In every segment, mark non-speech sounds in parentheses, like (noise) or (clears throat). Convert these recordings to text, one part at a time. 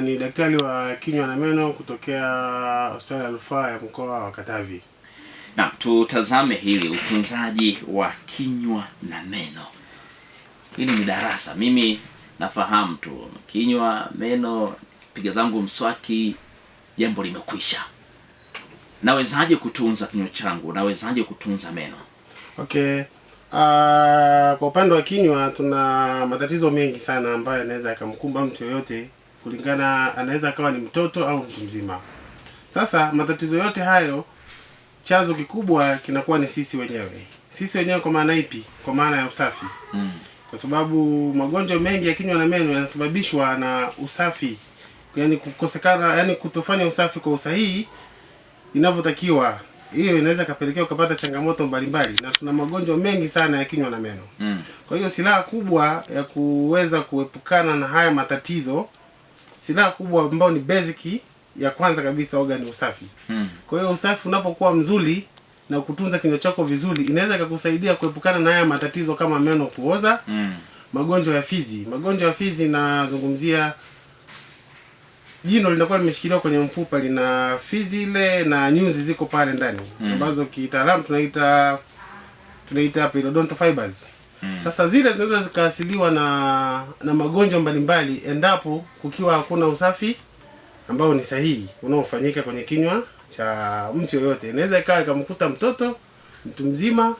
ni daktari wa kinywa na meno kutokea hospitali ya rufaa ya mkoa wa Katavi. Na tutazame hili utunzaji wa kinywa na meno. Hili ni darasa, mimi nafahamu tu kinywa, meno, piga zangu mswaki, jambo limekwisha. Nawezaje kutunza kinywa changu? Nawezaje kutunza meno? Okay. Uh, kwa upande wa kinywa tuna matatizo mengi sana ambayo yanaweza yakamkumba mtu yoyote kulingana, anaweza akawa ni mtoto au mtu mzima. Sasa matatizo yote hayo, chanzo kikubwa kinakuwa ni sisi wenyewe. Sisi wenyewe kwa maana ipi? Kwa maana ya usafi mm. Kwa sababu magonjwa mengi ya kinywa na meno yanasababishwa na usafi, yaani kukosekana, yani kutofanya usafi kwa usahihi inavyotakiwa. Hiyo inaweza kapelekea ukapata changamoto mbalimbali, na tuna magonjwa mengi sana ya kinywa na meno mm. Kwa hiyo silaha kubwa ya kuweza kuepukana na haya matatizo silaha kubwa ambayo ni basic ya kwanza kabisa oga ni usafi. Hmm. Kwa hiyo usafi unapokuwa mzuri na kutunza kinywa chako vizuri inaweza ikakusaidia kuepukana na haya matatizo kama meno kuoza, hmm. magonjwa ya fizi. Magonjwa ya fizi nazungumzia jino linakuwa limeshikiliwa kwenye mfupa, lina fizi ile na nyuzi ziko pale ndani hmm. ambazo kitaalamu tunaita tunaita periodontal fibers. Mm. Sasa zile zinaweza zikaasiliwa na na magonjwa mbalimbali endapo kukiwa hakuna usafi ambao ni sahihi unaofanyika kwenye kinywa cha mtu yoyote. Inaweza ikawa ikamkuta mtoto, mtu mzima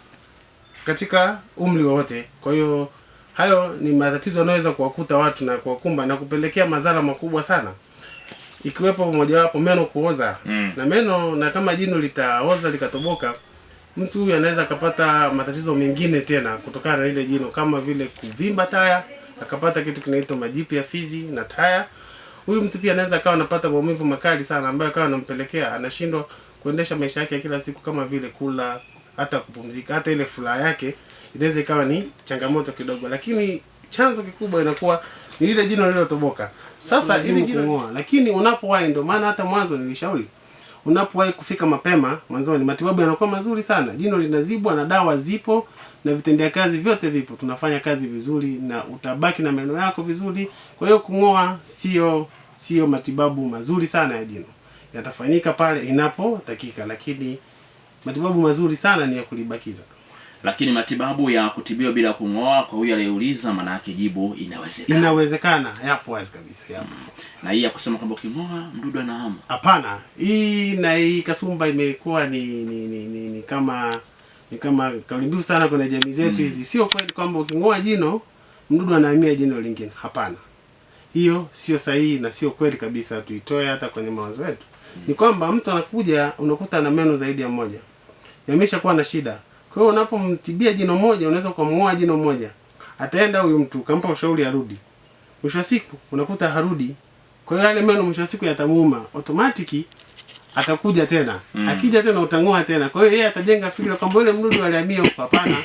katika umri wowote. Kwa hiyo hayo ni matatizo yanayoweza kuwakuta watu na kuwakumba na kupelekea madhara makubwa sana, ikiwepo mojawapo meno kuoza. Mm. Na meno na kama jino litaoza likatoboka mtu huyu anaweza akapata matatizo mengine tena kutokana na lile jino, kama vile kuvimba taya, akapata kitu kinaitwa majipu ya fizi na taya. Huyu mtu pia anaweza akawa anapata maumivu makali sana, ambayo akawa anampelekea anashindwa kuendesha maisha yake ya kila siku, kama vile kula, hata kupumzika, hata ile furaha yake inaweza ikawa ni changamoto kidogo, lakini chanzo kikubwa inakuwa ni lile jino lililotoboka. Sasa ili jino, lakini unapowahi, ndio maana hata mwanzo nilishauri unapowahi kufika mapema mwanzoni, matibabu yanakuwa mazuri sana, jino linazibwa na dawa zipo na vitendea kazi vyote vipo, tunafanya kazi vizuri na utabaki na meno yako vizuri. Kwa hiyo kung'oa sio sio matibabu mazuri sana ya jino, yatafanyika pale inapotakika, lakini matibabu mazuri sana ni ya kulibakiza lakini matibabu ya kutibiwa bila kung'oa kwa huyo aliyeuliza, maana yake jibu inawezekana. Inawezekana, yapo wazi kabisa, yapo mm. Na hii ya kusema kwamba uking'oa mdudu anahamu, hapana. Hii na hii kasumba imekuwa ni ni, ni, ni, ni kama ni kama kauli mbiu sana kwenye jamii zetu hmm. hizi mm. Sio kweli kwamba uking'oa jino mdudu anahamia jino lingine, hapana. Hiyo sio sahihi na sio kweli kabisa, tuitoe hata kwenye mawazo yetu mm. Ni kwamba mtu anakuja unakuta na meno zaidi ya moja, yameshakuwa na shida kwa hiyo unapomtibia jino moja unaweza ukamuoa jino moja. Ataenda huyu mtu ukampa ushauri arudi. Mwisho wa siku unakuta harudi. Kwa hiyo yale meno mwisho wa siku yatamuuma. automatiki, atakuja tena. Mm. Akija tena utang'oa tena. Kwa hiyo yeye atajenga fikra kwamba yule mdudu alihamia huko, hapana,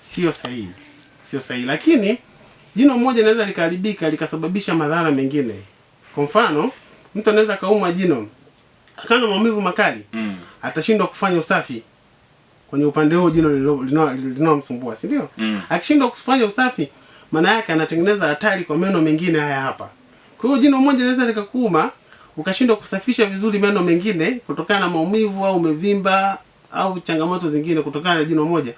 sio sahihi. Sio sahihi. Lakini jino moja linaweza likaharibika likasababisha madhara mengine. Kwa mfano, mtu anaweza kaumwa jino, akana maumivu makali. Mm. Atashindwa kufanya usafi kwenye upande huo jino linalomsumbua, si ndio? Mm. Akishindwa kufanya usafi, maana yake anatengeneza hatari kwa meno mengine haya hapa. Kwa hiyo jino moja linaweza likakuuma ukashindwa kusafisha vizuri meno mengine kutokana na maumivu au umevimba au changamoto zingine kutokana na jino moja.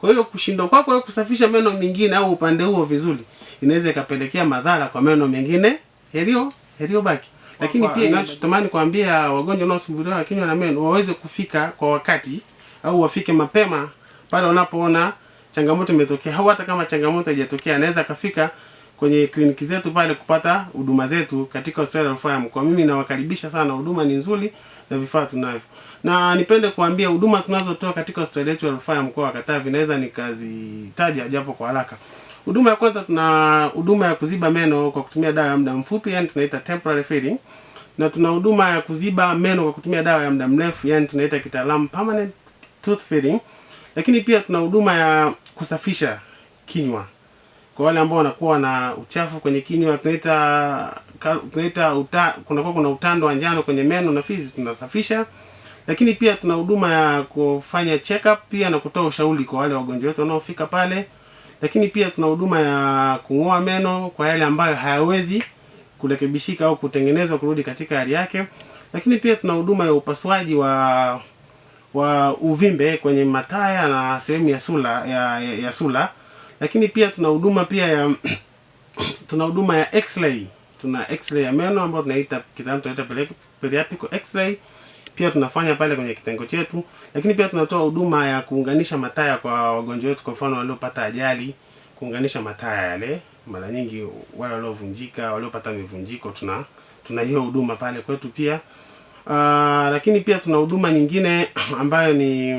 Kwa hiyo kushindwa kwako kwa kusafisha meno mengine au upande huo vizuri inaweza ikapelekea madhara kwa meno mengine yaliyo yaliyobaki. Lakini pia ninachotamani kuambia wagonjwa wanaosumbuliwa na kinywa na meno waweze kufika kwa wakati au wafike mapema pale wanapoona changamoto imetokea, au hata kama changamoto haijatokea, anaweza akafika kwenye kliniki zetu pale kupata huduma zetu katika hospitali ya rufaa ya mkoa. Mimi nawakaribisha sana, huduma ni nzuri na vifaa tunavyo, na nipende kuambia huduma tunazotoa katika hospitali yetu ya rufaa ya mkoa wa Katavi, naweza nikazitaja japo kwa haraka. Huduma ya kwanza, tuna huduma ya kuziba meno kwa kutumia dawa ya muda mfupi, yani tunaita temporary filling, na tuna huduma ya kuziba meno kwa kutumia dawa ya muda mrefu, yani tunaita kitaalamu permanent tooth filling, lakini pia tuna huduma ya kusafisha kinywa kwa wale ambao wanakuwa na uchafu kwenye kinywa, tunaita tunaita kunakuwa kuna utando wa njano kwenye meno na fizi, tunasafisha. Lakini pia tuna huduma ya kufanya check up pia na kutoa ushauri kwa wale wagonjwa wetu wanaofika pale. Lakini pia tuna huduma ya kung'oa meno kwa yale ambayo hayawezi kurekebishika au kutengenezwa kurudi katika hali yake. Lakini pia tuna huduma ya upasuaji wa wa uvimbe kwenye mataya na sehemu ya sula ya, ya, ya sula, lakini pia tuna huduma pia ya (clears throat) tuna huduma ya x-ray. Tuna x-ray ya meno ambayo tunaita kitaalamu tunaita periapical x-ray, pia tunafanya pale kwenye kitengo chetu, lakini pia tunatoa huduma ya kuunganisha mataya kwa wagonjwa wetu, kwa mfano waliopata ajali, kuunganisha mataya yale. Mara nyingi wale waliovunjika, waliopata mivunjiko, tuna tuna hiyo huduma pale kwetu pia. Uh, lakini pia tuna huduma nyingine (clears throat) ambayo ni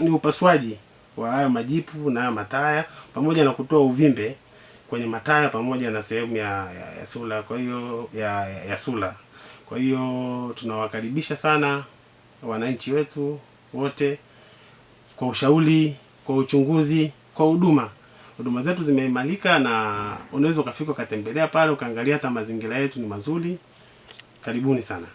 ni upasuaji wa haya majipu na haya mataya pamoja na kutoa uvimbe kwenye mataya pamoja na sehemu ya, ya, ya sula kwa hiyo ya, ya, ya sula. Kwa hiyo tunawakaribisha sana wananchi wetu wote kwa ushauri, kwa uchunguzi, kwa huduma. Huduma zetu zimeimalika na unaweza ukafika ukatembelea pale ukaangalia hata mazingira yetu ni mazuri. Karibuni sana.